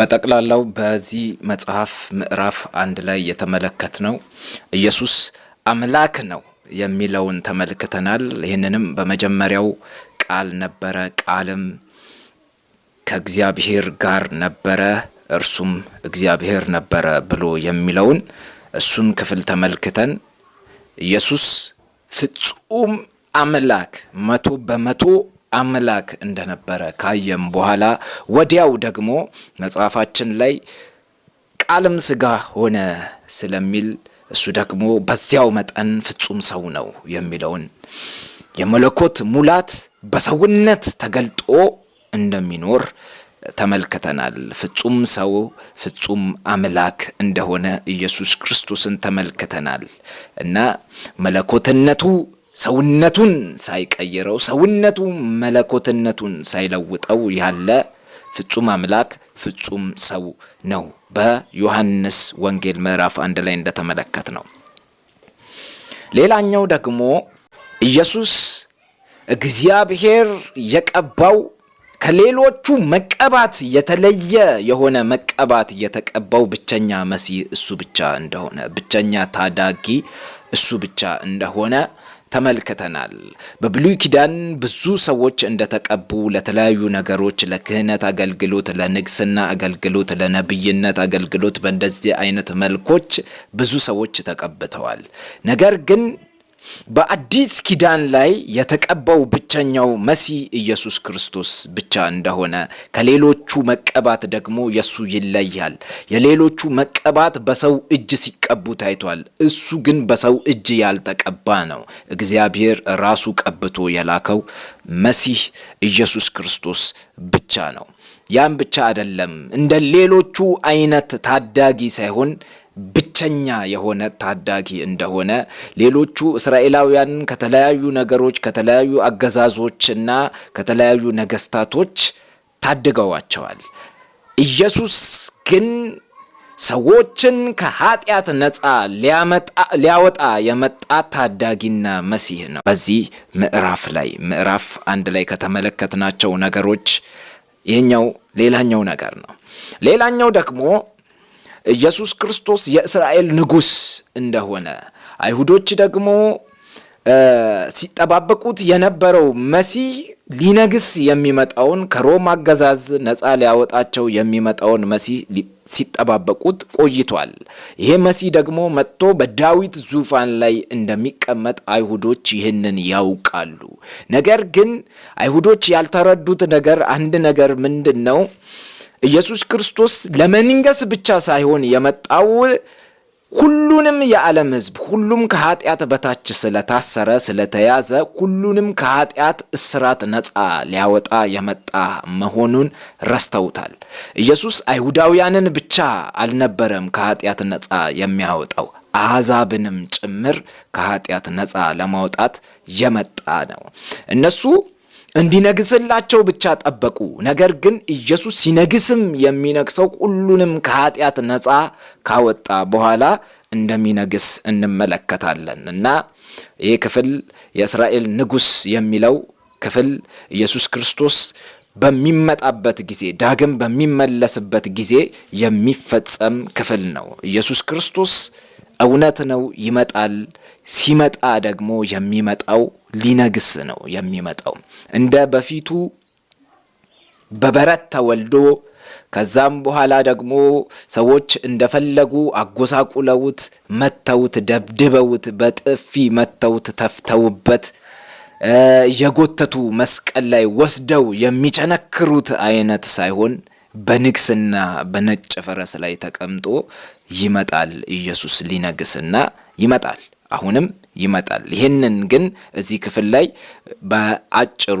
በጠቅላላው በዚህ መጽሐፍ ምዕራፍ አንድ ላይ የተመለከትነው ኢየሱስ አምላክ ነው የሚለውን ተመልክተናል። ይህንንም በመጀመሪያው ቃል ነበረ፣ ቃልም ከእግዚአብሔር ጋር ነበረ፣ እርሱም እግዚአብሔር ነበረ ብሎ የሚለውን እሱን ክፍል ተመልክተን ኢየሱስ ፍጹም አምላክ መቶ በመቶ አምላክ እንደነበረ ካየም በኋላ ወዲያው ደግሞ መጽሐፋችን ላይ ቃልም ስጋ ሆነ ስለሚል እሱ ደግሞ በዚያው መጠን ፍጹም ሰው ነው የሚለውን የመለኮት ሙላት በሰውነት ተገልጦ እንደሚኖር ተመልክተናል። ፍጹም ሰው ፍጹም አምላክ እንደሆነ ኢየሱስ ክርስቶስን ተመልክተናል እና መለኮትነቱ ሰውነቱን ሳይቀይረው ሰውነቱ መለኮትነቱን ሳይለውጠው ያለ ፍጹም አምላክ ፍጹም ሰው ነው። በዮሐንስ ወንጌል ምዕራፍ አንድ ላይ እንደተመለከት ነው። ሌላኛው ደግሞ ኢየሱስ እግዚአብሔር የቀባው ከሌሎቹ መቀባት የተለየ የሆነ መቀባት የተቀባው ብቸኛ መሲህ እሱ ብቻ እንደሆነ፣ ብቸኛ ታዳጊ እሱ ብቻ እንደሆነ ተመልክተናል። በብሉይ ኪዳን ብዙ ሰዎች እንደተቀቡ ለተለያዩ ነገሮች ለክህነት አገልግሎት፣ ለንግስና አገልግሎት፣ ለነብይነት አገልግሎት በእንደዚህ አይነት መልኮች ብዙ ሰዎች ተቀብተዋል። ነገር ግን በአዲስ ኪዳን ላይ የተቀባው ብቸኛው መሲህ ኢየሱስ ክርስቶስ ብቻ እንደሆነ ከሌሎቹ መቀባት ደግሞ የእሱ ይለያል። የሌሎቹ መቀባት በሰው እጅ ሲቀቡ ታይቷል። እሱ ግን በሰው እጅ ያልተቀባ ነው። እግዚአብሔር ራሱ ቀብቶ የላከው መሲህ ኢየሱስ ክርስቶስ ብቻ ነው። ያም ብቻ አይደለም፣ እንደ ሌሎቹ አይነት ታዳጊ ሳይሆን ብቸኛ የሆነ ታዳጊ እንደሆነ ሌሎቹ እስራኤላውያን ከተለያዩ ነገሮች ከተለያዩ አገዛዞችና ከተለያዩ ነገስታቶች ታድገዋቸዋል። ኢየሱስ ግን ሰዎችን ከኃጢአት ነፃ ሊያወጣ የመጣ ታዳጊና መሲህ ነው። በዚህ ምዕራፍ ላይ ምዕራፍ አንድ ላይ ከተመለከትናቸው ነገሮች ይህኛው ሌላኛው ነገር ነው። ሌላኛው ደግሞ ኢየሱስ ክርስቶስ የእስራኤል ንጉሥ እንደሆነ አይሁዶች ደግሞ ሲጠባበቁት የነበረው መሲህ ሊነግስ የሚመጣውን ከሮም አገዛዝ ነፃ ሊያወጣቸው የሚመጣውን መሲህ ሲጠባበቁት ቆይቷል። ይሄ መሲህ ደግሞ መጥቶ በዳዊት ዙፋን ላይ እንደሚቀመጥ አይሁዶች ይህንን ያውቃሉ። ነገር ግን አይሁዶች ያልተረዱት ነገር አንድ ነገር ምንድን ነው? ኢየሱስ ክርስቶስ ለመንገስ ብቻ ሳይሆን የመጣው ሁሉንም የዓለም ሕዝብ ሁሉም ከኃጢአት በታች ስለታሰረ ስለተያዘ ሁሉንም ከኃጢአት እስራት ነፃ ሊያወጣ የመጣ መሆኑን ረስተውታል። ኢየሱስ አይሁዳውያንን ብቻ አልነበረም ከኃጢአት ነፃ የሚያወጣው አሕዛብንም ጭምር ከኃጢአት ነፃ ለማውጣት የመጣ ነው። እነሱ እንዲነግስላቸው ብቻ ጠበቁ። ነገር ግን ኢየሱስ ሲነግስም የሚነግሰው ሁሉንም ከኃጢአት ነፃ ካወጣ በኋላ እንደሚነግስ እንመለከታለን እና ይህ ክፍል የእስራኤል ንጉስ የሚለው ክፍል ኢየሱስ ክርስቶስ በሚመጣበት ጊዜ ዳግም በሚመለስበት ጊዜ የሚፈጸም ክፍል ነው። ኢየሱስ ክርስቶስ እውነት ነው፣ ይመጣል። ሲመጣ ደግሞ የሚመጣው ሊነግስ ነው የሚመጣው። እንደ በፊቱ በበረት ተወልዶ ከዛም በኋላ ደግሞ ሰዎች እንደፈለጉ አጎሳቁለውት፣ መተውት፣ ደብድበውት፣ በጥፊ መተውት፣ ተፍተውበት የጎተቱ መስቀል ላይ ወስደው የሚቸነክሩት አይነት ሳይሆን በንግስና በነጭ ፈረስ ላይ ተቀምጦ ይመጣል። ኢየሱስ ሊነግስና ይመጣል። አሁንም ይመጣል። ይህንን ግን እዚህ ክፍል ላይ በአጭሩ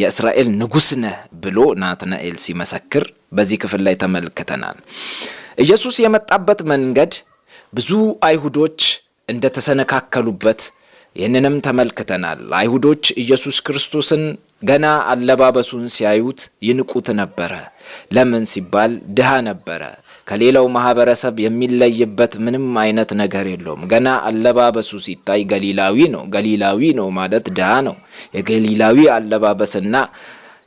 የእስራኤል ንጉሥ ነህ ብሎ ናትናኤል ሲመሰክር በዚህ ክፍል ላይ ተመልክተናል። ኢየሱስ የመጣበት መንገድ ብዙ አይሁዶች እንደተሰነካከሉበት ይህንንም ተመልክተናል። አይሁዶች ኢየሱስ ክርስቶስን ገና አለባበሱን ሲያዩት ይንቁት ነበረ። ለምን ሲባል ድሃ ነበረ። ከሌላው ማህበረሰብ የሚለይበት ምንም አይነት ነገር የለውም። ገና አለባበሱ ሲታይ ገሊላዊ ነው። ገሊላዊ ነው ማለት ድሃ ነው። የገሊላዊ አለባበስና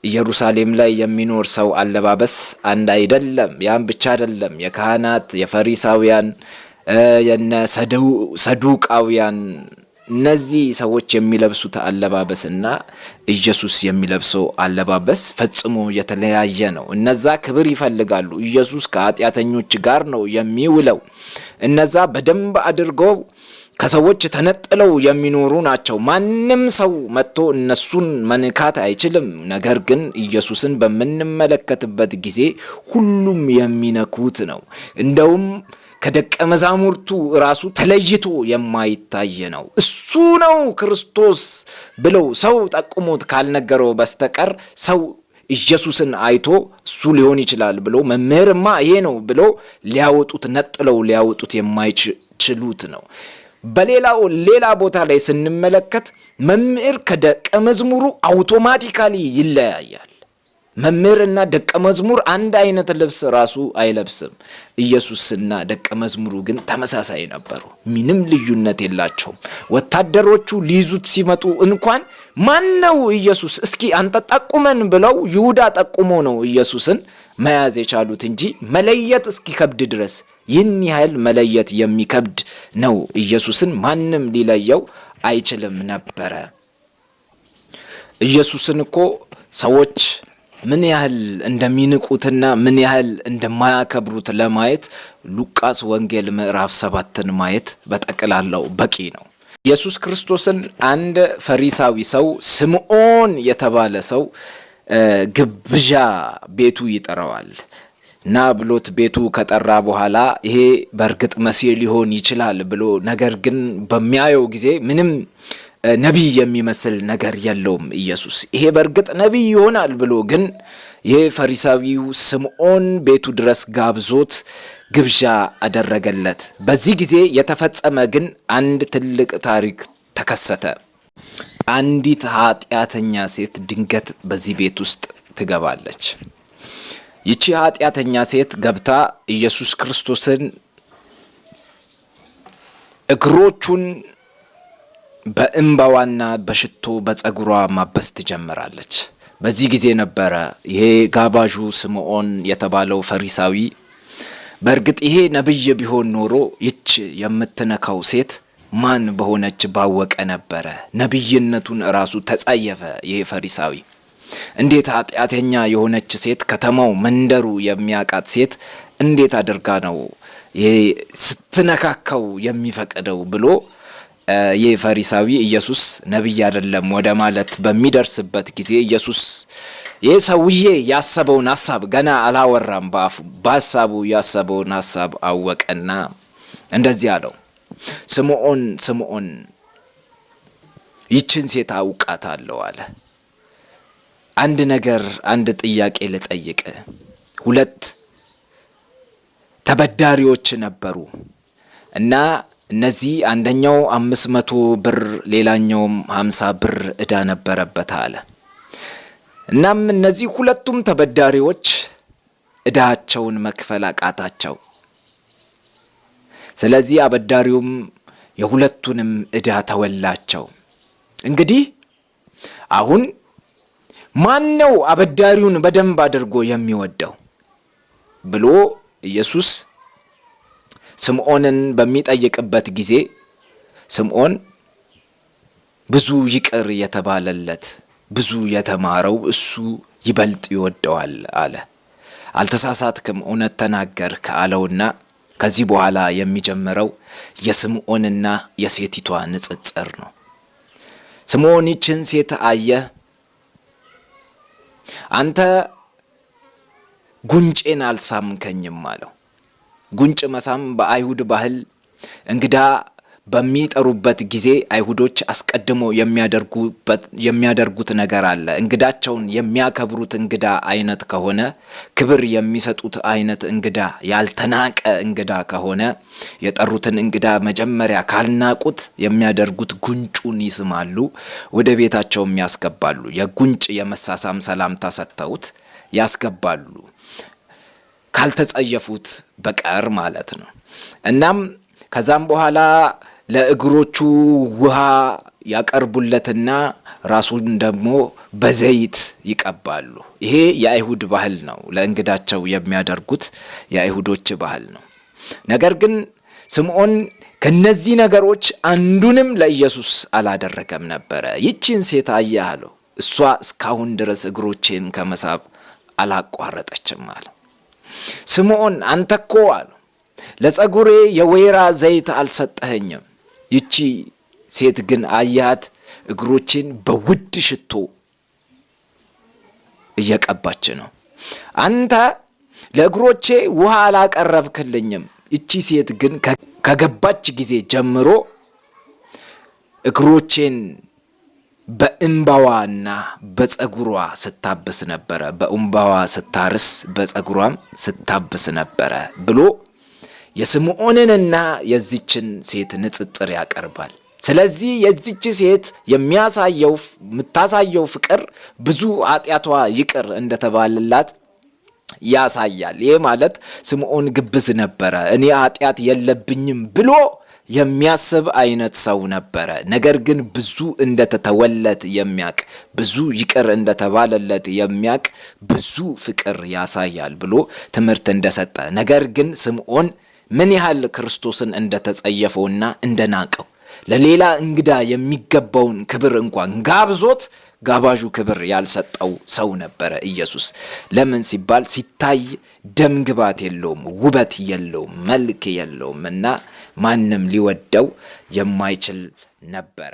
ኢየሩሳሌም ላይ የሚኖር ሰው አለባበስ አንድ አይደለም። ያም ብቻ አይደለም። የካህናት የፈሪሳውያን የነ ሰዱቃውያን እነዚህ ሰዎች የሚለብሱት አለባበስና ኢየሱስ የሚለብሰው አለባበስ ፈጽሞ የተለያየ ነው። እነዛ ክብር ይፈልጋሉ። ኢየሱስ ከኃጢአተኞች ጋር ነው የሚውለው። እነዛ በደንብ አድርገው ከሰዎች ተነጥለው የሚኖሩ ናቸው። ማንም ሰው መጥቶ እነሱን መንካት አይችልም። ነገር ግን ኢየሱስን በምንመለከትበት ጊዜ ሁሉም የሚነኩት ነው እንደውም ከደቀ መዛሙርቱ ራሱ ተለይቶ የማይታይ ነው። እሱ ነው ክርስቶስ ብለው ሰው ጠቁሞት ካልነገረው በስተቀር ሰው ኢየሱስን አይቶ እሱ ሊሆን ይችላል ብሎ መምህርማ ይሄ ነው ብሎ ሊያወጡት ነጥለው ሊያወጡት የማይችሉት ነው። በሌላው ሌላ ቦታ ላይ ስንመለከት መምህር ከደቀ መዝሙሩ አውቶማቲካሊ ይለያያል። መምህርና ደቀ መዝሙር አንድ አይነት ልብስ ራሱ አይለብስም። ኢየሱስና ደቀ መዝሙሩ ግን ተመሳሳይ ነበሩ። ምንም ልዩነት የላቸውም። ወታደሮቹ ሊይዙት ሲመጡ እንኳን ማን ነው ኢየሱስ እስኪ አንተ ጠቁመን ብለው ይሁዳ ጠቁሞ ነው ኢየሱስን መያዝ የቻሉት እንጂ መለየት እስኪከብድ ድረስ ይህን ያህል መለየት የሚከብድ ነው። ኢየሱስን ማንም ሊለየው አይችልም ነበረ። ኢየሱስን እኮ ሰዎች ምን ያህል እንደሚንቁትና ምን ያህል እንደማያከብሩት ለማየት ሉቃስ ወንጌል ምዕራፍ ሰባትን ማየት በጠቅላላው በቂ ነው። ኢየሱስ ክርስቶስን አንድ ፈሪሳዊ ሰው ስምዖን የተባለ ሰው ግብዣ ቤቱ ይጠራዋል እና ብሎት ቤቱ ከጠራ በኋላ ይሄ በእርግጥ መሲህ ሊሆን ይችላል ብሎ ነገር ግን በሚያየው ጊዜ ምንም ነቢይ የሚመስል ነገር የለውም ኢየሱስ። ይሄ በእርግጥ ነቢይ ይሆናል ብሎ ግን ይህ ፈሪሳዊው ስምዖን ቤቱ ድረስ ጋብዞት ግብዣ አደረገለት። በዚህ ጊዜ የተፈጸመ ግን አንድ ትልቅ ታሪክ ተከሰተ። አንዲት ኃጢአተኛ ሴት ድንገት በዚህ ቤት ውስጥ ትገባለች። ይቺ ኃጢአተኛ ሴት ገብታ ኢየሱስ ክርስቶስን እግሮቹን በእንባዋና በሽቶ በጸጉሯ ማበስ ትጀምራለች። በዚህ ጊዜ ነበረ ይሄ ጋባዡ ስምዖን የተባለው ፈሪሳዊ በእርግጥ ይሄ ነቢይ ቢሆን ኖሮ ይች የምትነካው ሴት ማን በሆነች ባወቀ ነበረ። ነቢይነቱን ራሱ ተጸየፈ። ይሄ ፈሪሳዊ እንዴት ኃጢአተኛ የሆነች ሴት ከተማው መንደሩ የሚያውቃት ሴት እንዴት አድርጋ ነው ይሄ ስትነካካው የሚፈቅደው ብሎ ይህ ፈሪሳዊ ኢየሱስ ነቢይ አይደለም ወደ ማለት በሚደርስበት ጊዜ ኢየሱስ ይህ ሰውዬ ያሰበውን ሀሳብ ገና አላወራም፣ በአፉ በሀሳቡ ያሰበውን ሀሳብ አወቀና እንደዚህ አለው፣ ስምዖን ስምዖን ይችን ሴት አውቃታለሁ አለ። አንድ ነገር አንድ ጥያቄ ልጠይቅ። ሁለት ተበዳሪዎች ነበሩ እና እነዚህ አንደኛው አምስት መቶ ብር ሌላኛውም ሀምሳ ብር እዳ ነበረበት አለ። እናም እነዚህ ሁለቱም ተበዳሪዎች እዳቸውን መክፈል አቃታቸው። ስለዚህ አበዳሪውም የሁለቱንም እዳ ተወላቸው። እንግዲህ አሁን ማን ነው አበዳሪውን በደንብ አድርጎ የሚወደው ብሎ ኢየሱስ ስምዖንን በሚጠይቅበት ጊዜ ስምዖን ብዙ ይቅር የተባለለት ብዙ የተማረው እሱ ይበልጥ ይወደዋል አለ። አልተሳሳትክም፣ እውነት ተናገርክ አለውና ከዚህ በኋላ የሚጀምረው የስምዖንና የሴቲቷ ንጽጽር ነው። ስምዖን ይችን ሴት አየ። አንተ ጉንጬን አልሳምከኝም አለው። ጉንጭ መሳም በአይሁድ ባህል እንግዳ በሚጠሩበት ጊዜ አይሁዶች አስቀድሞ የሚያደርጉት ነገር አለ። እንግዳቸውን የሚያከብሩት እንግዳ አይነት ከሆነ ክብር የሚሰጡት አይነት እንግዳ ያልተናቀ እንግዳ ከሆነ የጠሩትን እንግዳ መጀመሪያ ካልናቁት የሚያደርጉት ጉንጩን ይስማሉ፣ ወደ ቤታቸውም ያስገባሉ። የጉንጭ የመሳሳም ሰላምታ ሰጥተውት ያስገባሉ። ካልተጸየፉት በቀር ማለት ነው። እናም ከዛም በኋላ ለእግሮቹ ውሃ ያቀርቡለትና ራሱን ደግሞ በዘይት ይቀባሉ። ይሄ የአይሁድ ባህል ነው። ለእንግዳቸው የሚያደርጉት የአይሁዶች ባህል ነው። ነገር ግን ስምዖን ከነዚህ ነገሮች አንዱንም ለኢየሱስ አላደረገም ነበረ። ይቺን ሴት አየህ አለው፣ እሷ እስካሁን ድረስ እግሮቼን ከመሳብ አላቋረጠችም አለ። ስምዖን አንተ እኮ ለጸጉሬ የወይራ ዘይት አልሰጠኸኝም። ይቺ ሴት ግን አያት እግሮችን በውድ ሽቶ እየቀባች ነው። አንተ ለእግሮቼ ውሃ አላቀረብክልኝም። ይቺ ሴት ግን ከገባች ጊዜ ጀምሮ እግሮቼን በእምባዋና በጸጉሯ ስታብስ ነበረ፣ በእምባዋ ስታርስ በጸጉሯም ስታብስ ነበረ ብሎ የስምዖንንና የዚችን ሴት ንጽጥር ያቀርባል። ስለዚህ የዚች ሴት የሚያሳየው የምታሳየው ፍቅር ብዙ ኃጢአቷ ይቅር እንደተባለላት ያሳያል። ይህ ማለት ስምዖን ግብዝ ነበረ፣ እኔ ኃጢአት የለብኝም ብሎ የሚያስብ አይነት ሰው ነበረ። ነገር ግን ብዙ እንደተተወለት የሚያቅ ብዙ ይቅር እንደተባለለት የሚያቅ ብዙ ፍቅር ያሳያል ብሎ ትምህርት እንደሰጠ ነገር ግን ስምዖን ምን ያህል ክርስቶስን እንደተጸየፈውና እንደናቀው ለሌላ እንግዳ የሚገባውን ክብር እንኳን ጋብዞት ጋባዡ ክብር ያልሰጠው ሰው ነበረ ኢየሱስ። ለምን ሲባል ሲታይ ደምግባት የለውም፣ ውበት የለውም፣ መልክ የለውም እና ማንም ሊወደው የማይችል ነበረ።